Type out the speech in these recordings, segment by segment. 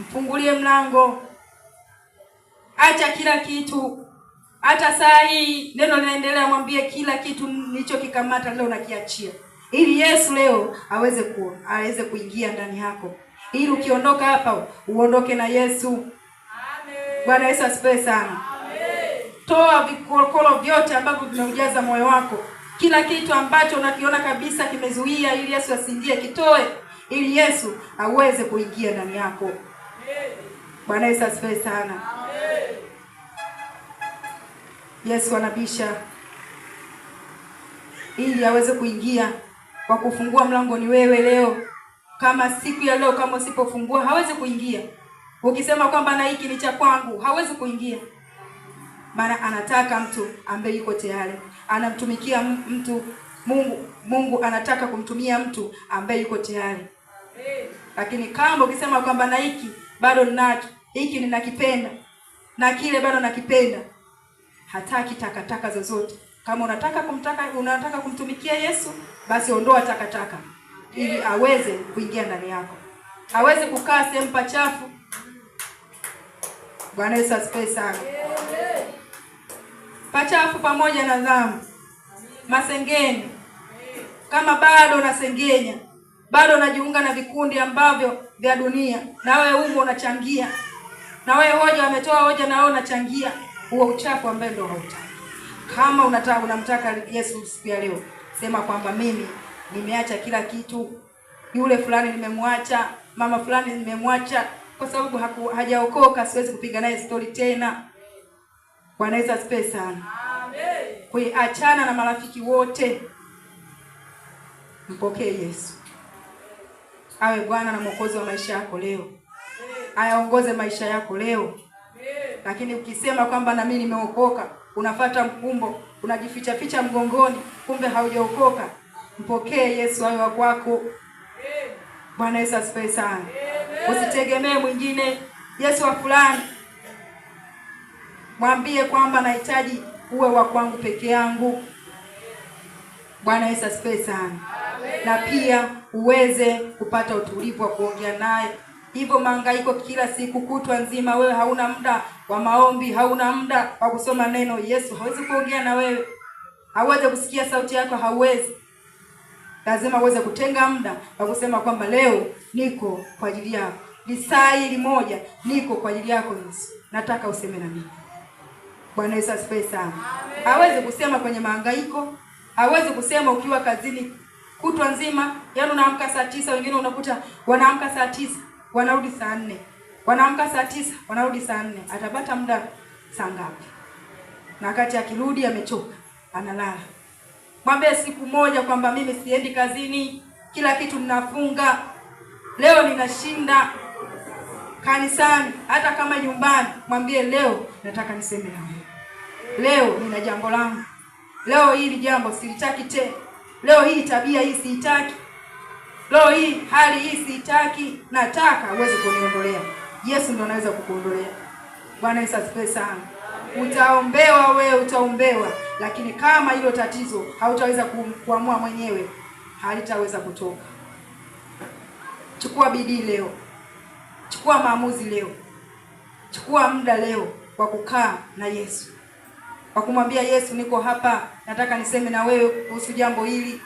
mfungulie mlango, acha kila kitu. Hata saa hii neno linaendelea, mwambie kila kitu nilichokikamata leo nakiachia, ili Yesu leo aweze ku, aweze kuingia ndani yako, ili ukiondoka hapa uondoke na Yesu. Bwana Yesu asifiwe sana. Amen. Toa vikokolo vyote ambavyo vinaujaza moyo wako, kila kitu ambacho unakiona kabisa kimezuia, ili Yesu asiingie, kitoe, ili Yesu aweze kuingia ndani yako. Bwana Yesu asifiwe sana. Yesu anabisha ili aweze kuingia. Kwa kufungua mlango ni wewe leo. Kama siku ya leo, kama usipofungua hawezi kuingia. Ukisema kwamba na hiki ni cha kwangu, hawezi kuingia, maana anataka mtu ambaye yuko tayari, anamtumikia mtu Mungu. Mungu anataka kumtumia mtu ambaye yuko tayari, lakini kama ukisema kwamba na hiki bado ninacho hiki, ninakipenda na kile bado nakipenda. Hataki takataka zozote. Kama unataka kumtaka, unataka kumtumikia Yesu, basi ondoa takataka ili aweze kuingia ndani yako, aweze kukaa sehemu pachafu. Bwana Yesu asifiwe sana. Pachafu pamoja na dhambi, masengeni. Kama bado unasengenya bado unajiunga na vikundi ambavyo vya dunia, na wewe umo unachangia, na wewe hoja wametoa hoja, na wewe unachangia huo uchafu ambaye ndio hautaki. Kama unataka unamtaka Yesu siku ya leo, sema kwamba mimi nimeacha kila kitu, yule fulani nimemwacha, mama fulani nimemwacha, kwa sababu hajaokoka, siwezi kupiga naye stori tena. Bwana Yesu asifiwe sana. Amen. Kuiachana na marafiki wote, mpokee Yesu awe Bwana na Mwokozi wa maisha yako leo, ayaongoze maisha yako leo. Lakini ukisema kwamba nami nimeokoka, unafata mkumbo, unajificha ficha mgongoni, kumbe haujaokoka. Mpokee Yesu awe wa kwako. Bwana Yesu asifiwe sana. Usitegemee mwingine, Yesu wa fulani. Mwambie kwamba nahitaji uwe wa kwangu peke yangu. Bwana Yesu asifiwe sana na pia uweze kupata utulivu wa kuongea naye. Hivyo mahangaiko kila siku kutwa nzima, wewe hauna muda wa maombi, hauna muda wa kusoma neno. Yesu hawezi kuongea na wewe, hauweze kusikia sauti yako, hauwezi. Lazima uweze kutenga muda wa kusema kwamba leo niko kwa ajili yako, lisaa hili moja niko kwa ajili yako Yesu, nataka useme na mimi. Bwana Yesu asifiwe sana. Hawezi kusema kwenye mahangaiko, hawezi kusema ukiwa kazini kutwa nzima, yaani unaamka saa tisa, wengine unakuta wanaamka saa tisa wanarudi saa nne, wanaamka saa tisa wanarudi saa nne. Atapata muda saa ngapi? Na wakati akirudi amechoka, analala. Mwambie siku moja kwamba mimi siendi kazini, kila kitu ninafunga, leo ninashinda kanisani, hata kama nyumbani. Mwambie leo nataka niseme na leo nina jambo langu, leo hili jambo silitaki tena Leo hii tabia hii siitaki, leo hii hali hii siitaki, nataka uweze kuniondolea. Yesu ndo anaweza kukuondolea. Bwana Yesu asifiwe sana. Utaombewa wewe, utaombewa, lakini kama hilo tatizo hautaweza kuamua mwenyewe, halitaweza kutoka. Chukua bidii leo, chukua maamuzi leo, chukua muda leo wa kukaa na Yesu, wa kumwambia Yesu, niko hapa nataka niseme na wewe kuhusu jambo hili.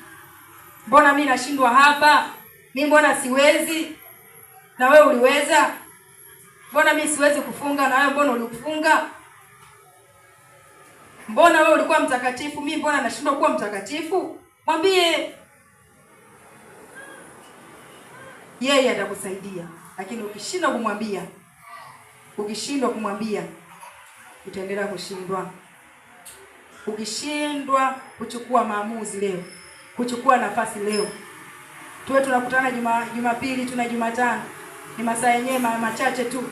Mbona mi nashindwa hapa? Mi mbona siwezi? Na wewe uliweza? Mbona mi siwezi kufunga na wewe mbona ulikufunga Mbona wewe ulikuwa mtakatifu, mi mbona nashindwa kuwa mtakatifu? Mwambie yeye, atakusaidia. Lakini ukishindwa kumwambia, ukishindwa kumwambia utaendelea kushindwa. Ukishindwa kuchukua maamuzi leo, kuchukua nafasi leo, tuwe tunakutana juma Jumapili, tuna Jumatano, ni masaa yenyewe machache tu.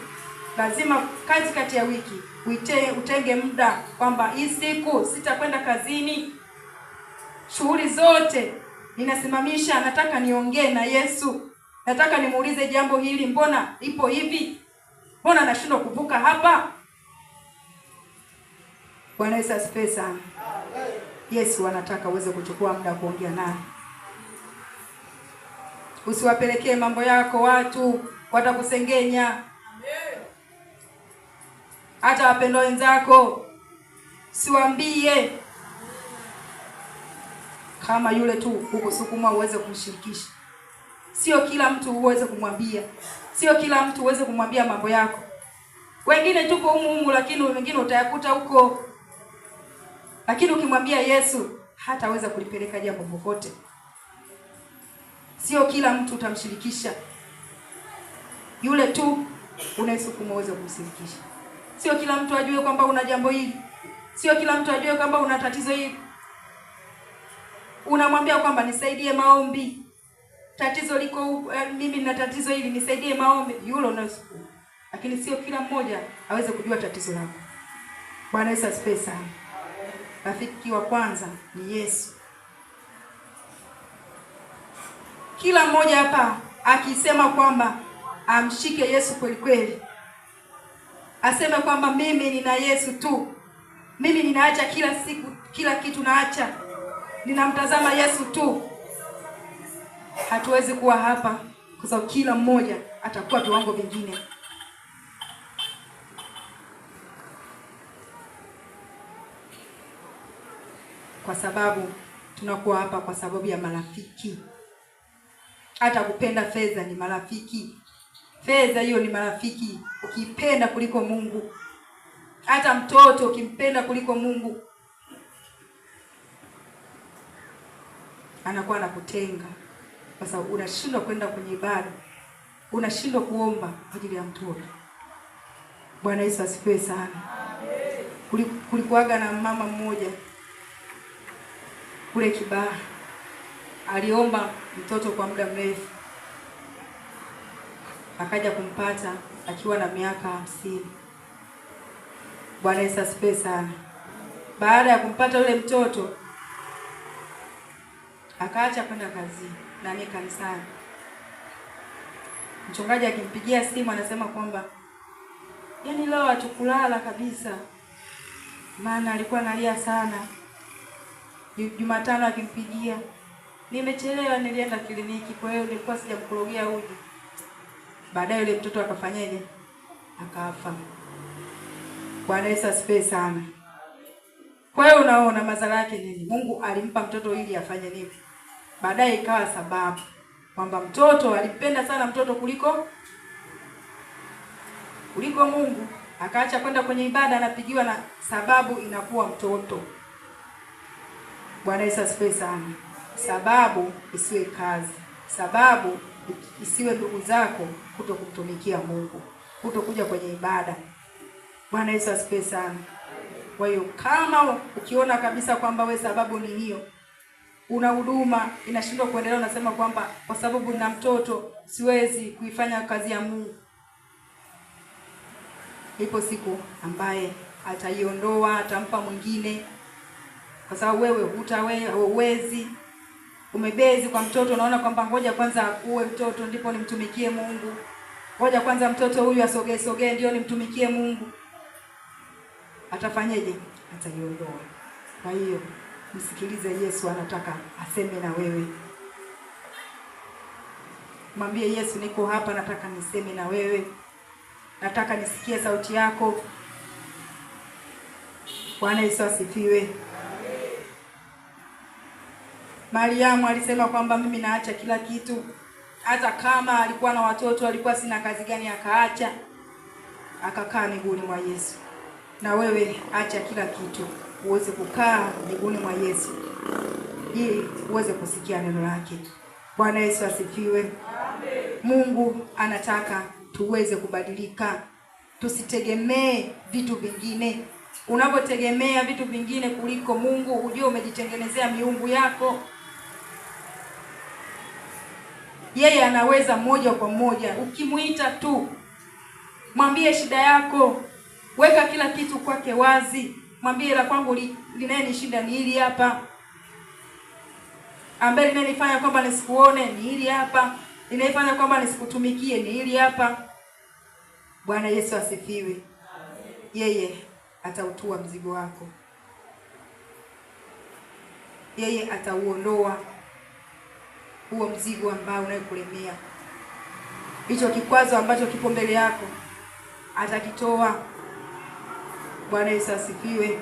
Lazima katikati ya wiki uite, utenge muda kwamba hii siku sitakwenda kazini, shughuli zote ninasimamisha, nataka niongee na Yesu, nataka nimuulize jambo hili, mbona ipo hivi, mbona nashindwa kuvuka hapa Bwana Yesu asifiwe sana. Yesu anataka uweze kuchukua muda kuongea naye. Usiwapelekee mambo yako watu, watakusengenya hata wapendwa wenzako, siwaambie kama yule tu ukusukuma uweze kumshirikisha. Sio kila mtu uweze kumwambia, sio kila mtu uweze kumwambia mambo yako. Wengine tuko humu humu, lakini wengine utayakuta huko lakini ukimwambia Yesu hataweza kulipeleka jambo popote. Sio kila mtu utamshirikisha, yule tu unayesukuma uweze kumshirikisha. Sio kila mtu ajue kwamba una jambo hili, sio kila mtu ajue kwamba una tatizo hili. Unamwambia kwamba nisaidie maombi, tatizo liko, eh, mimi na tatizo hili, nisaidie maombi, yule unayesukuma. Lakini sio kila mmoja aweze kujua tatizo lako. Bwana Yesu asifiwe sana. Rafiki wa kwanza ni Yesu. Kila mmoja hapa akisema kwamba amshike Yesu kweli kweli, aseme kwamba mimi nina Yesu tu, mimi ninaacha kila siku, kila kitu naacha, ninamtazama Yesu tu, hatuwezi kuwa hapa kwa sababu kila mmoja atakuwa viwango vingine. kwa sababu tunakuwa hapa kwa sababu ya marafiki. Hata kupenda fedha ni marafiki, fedha hiyo ni marafiki, ukipenda kuliko Mungu. Hata mtoto ukimpenda kuliko Mungu anakuwa anakutenga, kwa sababu unashindwa kwenda kwenye ibada, unashindwa kuomba kwa ajili ya mtoto. Bwana Yesu asifiwe sana. Kulikuaga na mama mmoja kule Kibaha, aliomba mtoto kwa muda mrefu, akaja kumpata akiwa na miaka hamsini. Bwana Yesu asifiwe sana. Baada ya kumpata yule mtoto akaacha kwenda kazi na kanisani. Mchungaji akimpigia simu anasema kwamba yaani leo hatukulala kabisa, maana alikuwa analia sana. Jumatano akimpigia nimechelewa, nilienda kliniki, kwa hiyo nilikuwa sijakukurogea uji. Baadaye yule mtoto akafanyaje? Akafa. Bwana Yesu asifiwe sana. Kwa hiyo unaona madhara yake nini? Mungu alimpa mtoto ili afanye nini? Baadaye ikawa sababu kwamba mtoto alimpenda sana mtoto kuliko kuliko Mungu, akaacha kwenda kwenye ibada, anapigiwa na sababu inakuwa mtoto. Bwana Yesu asifiwe sana. Sababu isiwe kazi, sababu isiwe ndugu zako kuto kumtumikia Mungu, kutokuja kwenye ibada. Bwana Yesu asifiwe sana. Kwa hiyo kama ukiona kabisa kwamba we sababu ni hiyo, una huduma inashindwa kuendelea, unasema kwamba kwa sababu nina mtoto siwezi kuifanya kazi ya Mungu, ipo siku ambaye ataiondoa, atampa mwingine kwa sababu wewe hutawezi, umebezi kwa mtoto, unaona kwamba ngoja kwanza akuwe mtoto ndipo nimtumikie Mungu, ngoja kwanza mtoto huyu asogee sogee ndio nimtumikie Mungu. Atafanyeje? Ataiondoa. Kwa hiyo msikilize Yesu, anataka aseme na wewe. Mwambie Yesu, niko hapa, nataka niseme na wewe, nataka nisikie sauti yako. Bwana Yesu asifiwe. Mariamu alisema kwamba mimi naacha kila kitu, hata kama alikuwa na watoto, alikuwa sina kazi gani, akaacha akakaa miguuni mwa Yesu. Na wewe acha kila kitu uweze kukaa miguuni mwa Yesu ili uweze kusikia neno lake. Bwana Yesu asifiwe. Mungu anataka tuweze kubadilika, tusitegemee vitu vingine. Unapotegemea vitu vingine kuliko Mungu, ujue umejitengenezea miungu yako yeye anaweza moja kwa moja. Ukimwita tu, mwambie shida yako, weka kila kitu kwake wazi, mwambie la kwangu linayenishinda ni hili hapa, ambaye linanifanya kwamba nisikuone ni hili hapa, linaifanya kwamba nisikutumikie ni hili hapa. Bwana Yesu asifiwe. Yeye atautua mzigo wako, yeye atauondoa huo mzigo ambao unayokulemea. Hicho kikwazo ambacho kipo mbele yako atakitoa. Bwana Yesu asifiwe.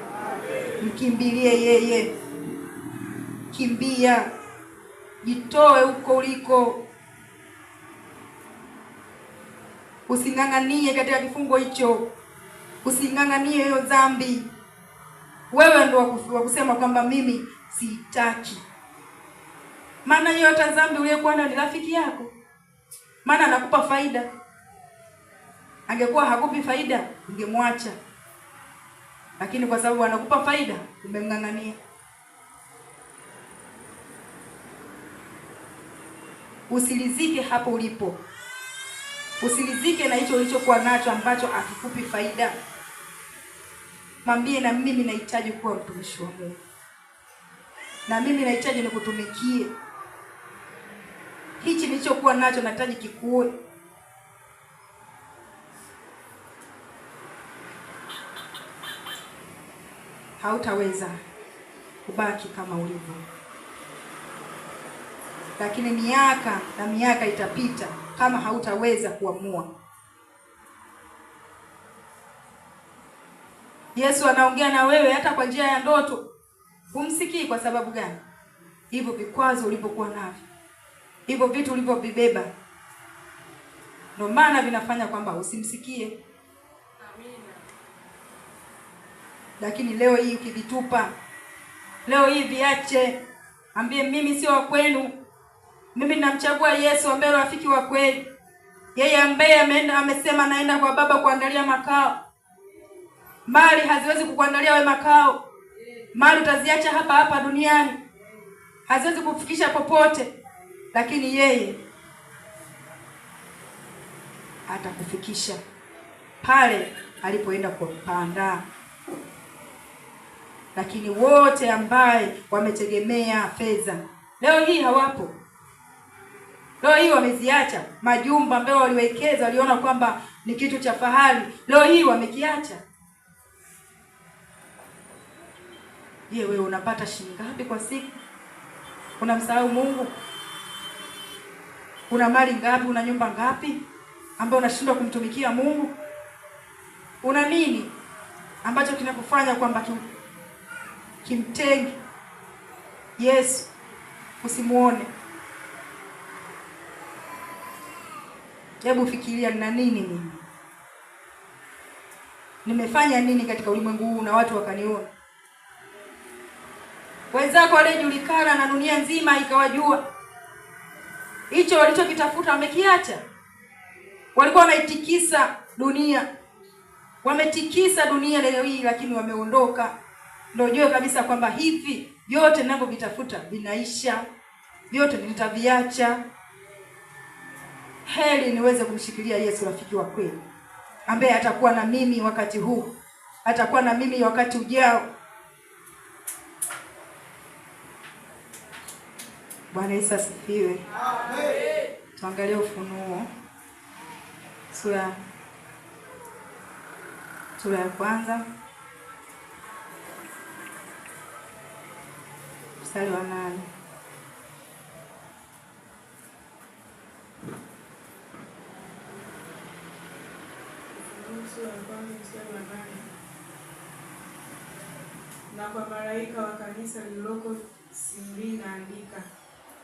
Mkimbilie yeye, kimbia, jitoe huko uliko, using'ang'anie katika kifungo hicho, using'ang'anie hiyo dhambi. Wewe ndio wa kusema kwamba mimi sitaki maana hiyo hata dhambi uliyokuwa nayo ni rafiki yako, maana anakupa faida. Angekuwa hakupi faida, ungemwacha, lakini kwa sababu anakupa faida, umemng'ang'ania. Usilizike hapo ulipo, usilizike na hicho ulichokuwa nacho ambacho akikupi faida. Mwambie, na mimi nahitaji kuwa mtumishi wa Mungu, na mimi nahitaji nikutumikie hichi nilichokuwa nacho nahitaji kikuwe. Hautaweza kubaki kama ulivyo, lakini miaka na miaka itapita kama hautaweza kuamua. Yesu anaongea na wewe hata kwa njia ya ndoto, humsikii. Kwa sababu gani? Hivyo vikwazo ulivyokuwa navyo hivyo vitu ulivyovibeba, ndio maana vinafanya kwamba usimsikie. Lakini leo hii ukivitupa, leo hii viache, ambie mimi sio wa kwenu, mimi namchagua Yesu ambaye rafiki wa kweli, yeye ambaye ameenda amesema naenda kwa Baba kuandalia makao. Mali haziwezi kukuandalia we makao, mali utaziacha hapa hapa duniani, haziwezi kufikisha popote lakini yeye atakufikisha pale alipoenda kukuandaa. Lakini wote ambaye wametegemea fedha leo hii hawapo, leo hii wameziacha majumba ambayo waliwekeza, waliona kwamba ni kitu cha fahari, leo hii wamekiacha. Je, wewe unapata shilingi ngapi kwa siku? Unamsahau Mungu? Una mali ngapi? Una nyumba ngapi ambayo unashindwa kumtumikia Mungu? Una nini ambacho kinakufanya kwamba kim, kimtenge Yesu usimuone? Hebu fikiria, nina nini mimi? Nimefanya nini katika ulimwengu huu na watu wakaniona? Wenzako walijulikana na dunia nzima ikawajua hicho walichokitafuta wamekiacha. Walikuwa wanaitikisa dunia, wametikisa dunia leo hii, lakini wameondoka. Ndio ujue kabisa kwamba hivi vyote ninavyovitafuta vinaisha, vyote nitaviacha. Heri niweze kumshikilia Yesu rafiki wa kweli ambaye atakuwa na mimi wakati huu, atakuwa na mimi wakati ujao, Bwana Yesu asifiwe. Amen. Tuangalie Ufunuo sura sura ya kwanza mstari wa nane. Na kwa malaika wa kanisa lililoko Simbi naandika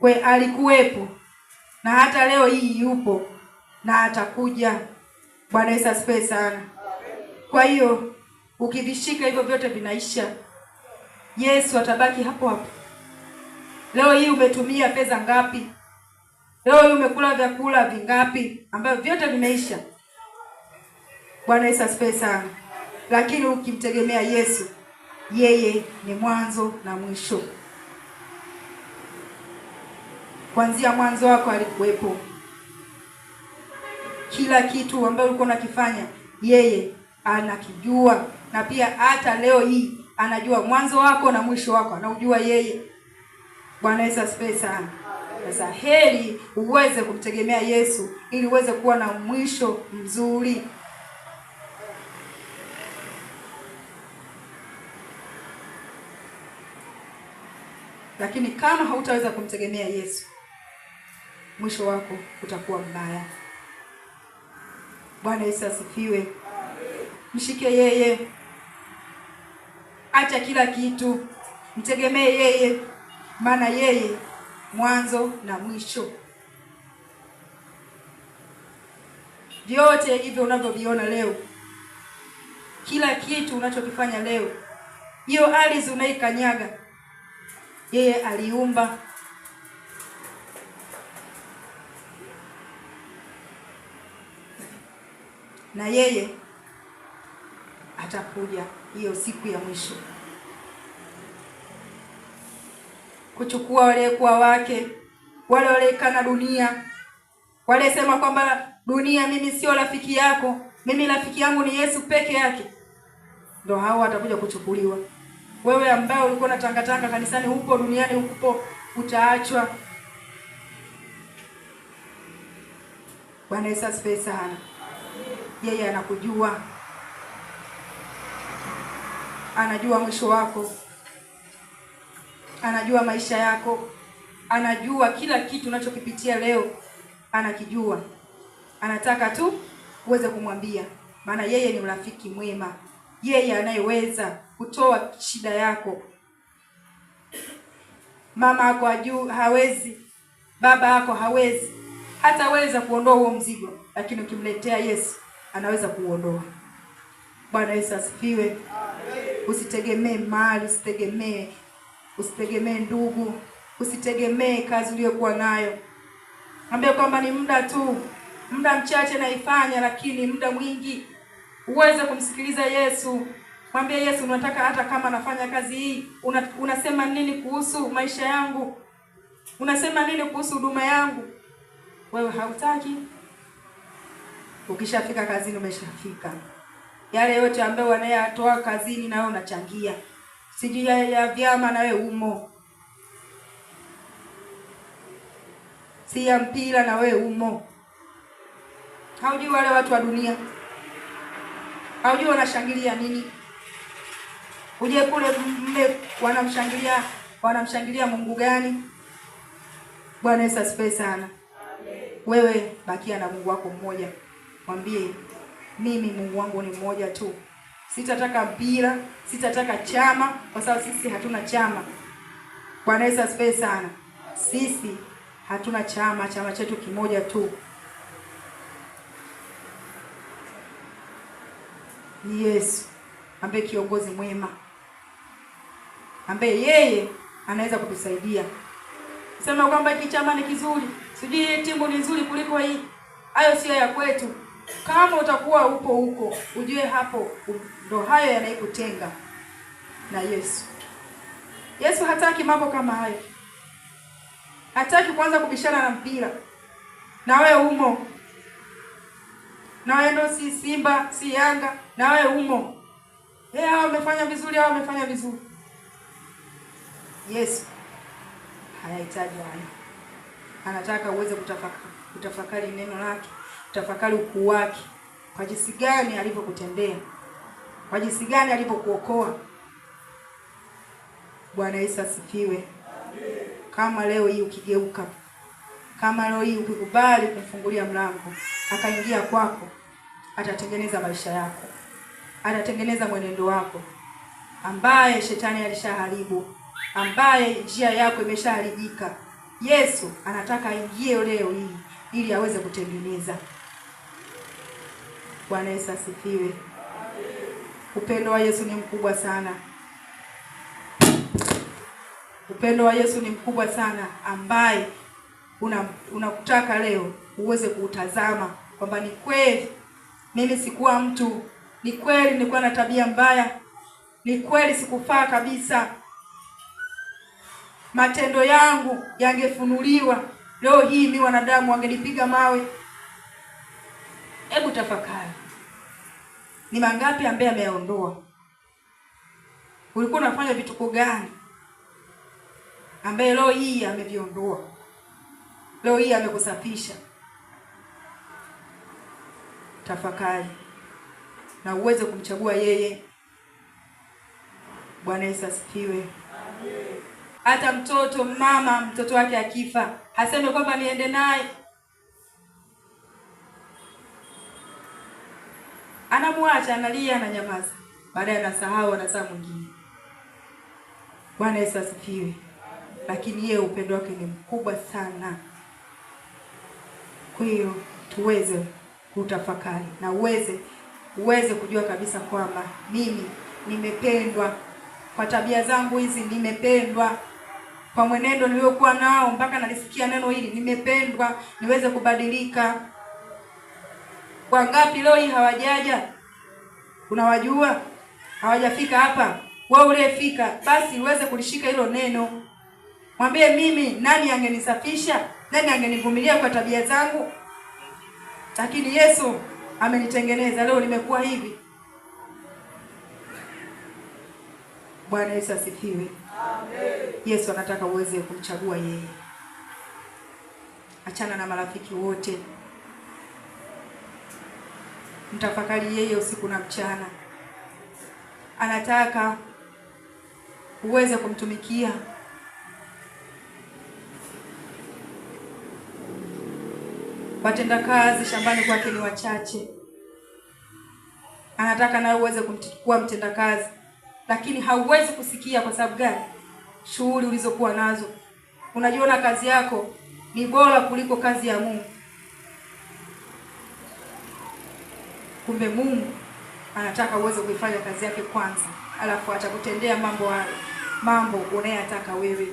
kwe alikuwepo na hata leo hii yupo na atakuja. Bwana Yesu asifiwe sana. Kwa hiyo ukivishika hivyo vyote vinaisha. Yesu atabaki hapo hapo. Leo hii umetumia pesa ngapi? Leo hii umekula vyakula vingapi ambavyo vyote vimeisha? Bwana Yesu asifiwe sana. Lakini ukimtegemea Yesu, yeye ni mwanzo na mwisho kuanzia mwanzo wako alikuwepo. Kila kitu ambacho ulikuwa unakifanya yeye anakijua, na pia hata leo hii anajua mwanzo wako na mwisho wako, anaujua yeye. Bwana Yesu asifiwe sana. Sasa heri uweze kumtegemea Yesu ili uweze kuwa na mwisho mzuri. Lakini kama hautaweza kumtegemea Yesu mwisho wako utakuwa mbaya. Bwana Yesu asifiwe. Mshike yeye, acha kila kitu, mtegemee yeye, maana yeye mwanzo na mwisho. Vyote hivyo unavyoviona leo, kila kitu unachokifanya leo, hiyo ardhi unaikanyaga, yeye aliumba na yeye atakuja hiyo siku ya mwisho kuchukua waliokuwa wake, wale walioikana dunia, waliosema kwamba dunia, mimi sio rafiki yako, mimi rafiki yangu ni Yesu peke yake, ndo hao watakuja kuchukuliwa. Wewe ambao ulikuwa na tangatanga kanisani huko, duniani huko, utaachwa. Bwana Yesu asifiwe sana yeye anakujua, anajua mwisho wako, anajua maisha yako, anajua kila kitu unachokipitia leo, anakijua. Anataka tu uweze kumwambia, maana yeye ni mrafiki mwema, yeye anayeweza kutoa shida yako. Mama yako hajuu, hawezi, baba yako hawezi, hataweza kuondoa huo mzigo, lakini ukimletea Yesu anaweza kuondoa. Bwana Yesu asifiwe. Usitegemee mali, usitegemee usitegemee ndugu, usitegemee kazi uliyokuwa nayo. Ambia kwamba ni muda tu, muda mchache naifanya, lakini muda mwingi uweze kumsikiliza Yesu. Mwambie Yesu, unataka hata kama nafanya kazi hii una, unasema nini kuhusu maisha yangu? Unasema nini kuhusu huduma yangu? Wewe hautaki Ukishafika kazini umeshafika. Yale yote ambayo wanayatoa kazini nawe unachangia. Sijui ya, ya vyama na umo. Si ya mpira na umo. Haujui wale watu wa dunia. Haujui wanashangilia nini. Uje kule mle wanamshangilia wanamshangilia Mungu gani? Bwana Yesu asifiwe sana. Amen. Wewe bakia na Mungu wako mmoja. Mwambie mimi Mungu wangu ni mmoja tu, sitataka mpira, sitataka chama, kwa sababu sisi hatuna chama. Bwana Yesu asifiwe sana. Sisi hatuna chama, chama chetu kimoja tu Yesu ambaye kiongozi mwema ambaye yeye anaweza kutusaidia sema kwamba hiki chama ni kizuri, sijui hii timu ni nzuri kuliko hii. Hayo sio ya kwetu. Kama utakuwa upo huko, ujue hapo ndo hayo yanayekutenga na Yesu. Yesu hataki mambo kama hayo, hataki kuanza kubishana na mpira na wewe umo, na wewe ndo si Simba si Yanga, na wewe umo. Hey, amefanya wamefanya vizuri, hao wamefanya vizuri. Yesu hayahitaji hayo, anataka uweze kutafakari, kutafakari neno lake tafakari ukuu wake, kwa jinsi gani alivyokutendea, kwa jinsi gani alivyokuokoa. Bwana Yesu asifiwe. Kama leo hii ukigeuka, kama leo hii ukikubali kumfungulia mlango akaingia kwako, atatengeneza maisha yako, atatengeneza mwenendo wako, ambaye shetani alishaharibu, ambaye njia yako imeshaharibika. Yesu anataka aingie leo hii ili aweze kutengeneza. Bwana Yesu asifiwe. Upendo wa Yesu ni mkubwa sana. Upendo wa Yesu ni mkubwa sana ambaye unakutaka una leo uweze kuutazama kwamba ni kweli mimi sikuwa mtu, ni kweli nilikuwa na tabia mbaya, ni kweli sikufaa kabisa. Matendo yangu yangefunuliwa leo hii, mi wanadamu wangenipiga mawe. Hebu tafakari. Ni mangapi ambaye ameyaondoa? Ulikuwa unafanya vituko gani ambaye leo hii ameviondoa? Leo hii amekusafisha. Tafakari na uweze kumchagua yeye. Bwana Yesu asifiwe. Hata mtoto mama mtoto wake akifa, haseme kwamba niende naye anamwacha, analia, ananyamaza, baadaye anasahau, anasaa mwingine. Bwana Yesu asifiwe. Lakini yeye upendo wake ni mkubwa sana. Kwa hiyo tuweze kutafakari na uweze uweze kujua kabisa kwamba mimi nimependwa kwa tabia zangu hizi, nimependwa kwa mwenendo niliokuwa nao, mpaka nalisikia neno hili nimependwa, niweze kubadilika. Wangapi leo hii hawajaja? Unawajua? Hawajafika hapa. Wewe uliyefika, basi uweze kulishika hilo neno. Mwambie mimi, nani angenisafisha? Nani angenivumilia kwa tabia zangu? Lakini Yesu amenitengeneza, leo nimekuwa hivi. Bwana Yesu asifiwe. Amen. Yesu anataka uweze kumchagua yeye. Achana na marafiki wote mtafakari yeye usiku na mchana. Anataka uweze kumtumikia watendakazi shambani kwake ni wachache. Anataka nawe uweze kuwa mtendakazi, lakini hauwezi kusikia. Kwa sababu gani? Shughuli ulizokuwa nazo. Unajiona kazi yako ni bora kuliko kazi ya Mungu. Kumbe Mungu anataka uweze kuifanya kazi yake kwanza, alafu atakutendea mambo hayo, mambo unayotaka wewe.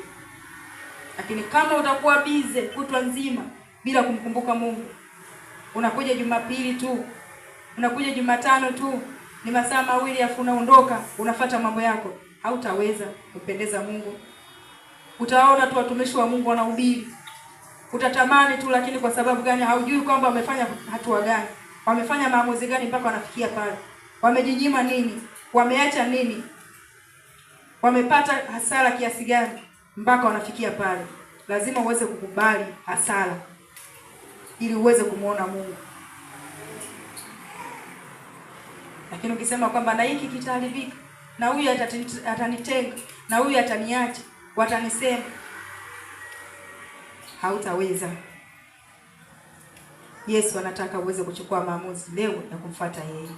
Lakini kama utakuwa bize kutwa nzima bila kumkumbuka Mungu, unakuja Jumapili tu, unakuja Jumatano tu, ni masaa mawili afu unaondoka, unafata mambo yako, hautaweza kupendeza Mungu. Utaona tu watumishi wa Mungu wanahubiri, utatamani tu, lakini kwa sababu gani haujui kwamba wamefanya hatua gani. Wamefanya maamuzi gani mpaka wanafikia pale? Wamejinyima nini? Wameacha nini? Wamepata hasara kiasi gani mpaka wanafikia pale? Lazima uweze kukubali hasara ili uweze kumwona Mungu. Lakini ukisema kwamba na hiki kitaharibika na huyu atanitenga na huyu ataniacha, watanisema, hautaweza. Yesu anataka uweze kuchukua maamuzi leo ya kumfuata yeye.